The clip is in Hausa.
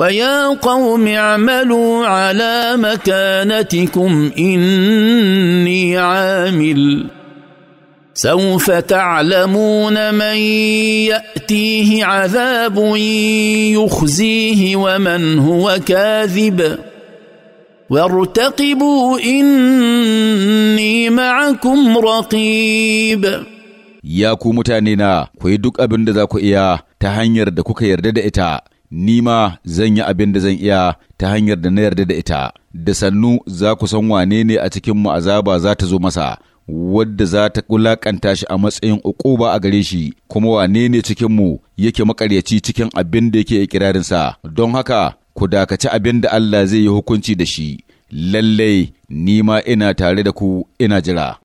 ويا قوم اعملوا على مكانتكم اني عامل سوف تعلمون من ياتيه عذاب يخزيه ومن هو كاذب وارتقبوا اني معكم رقيب يا ku كويدوك ابن yi تهنير abin da za ni ma zan yi abin da zan iya ta hanyar da na yarda da ita, da sannu za ku san wane ne a cikinmu azaba za ta zo masa, wadda za ta kulakanta shi a matsayin ukuba a gare shi, kuma wane ne cikinmu yake makaryaci cikin abin da yake ikirarinsa, don haka ku dakaci abin da Allah zai yi hukunci da shi, lallai ni ma ina tare da ku ina jira.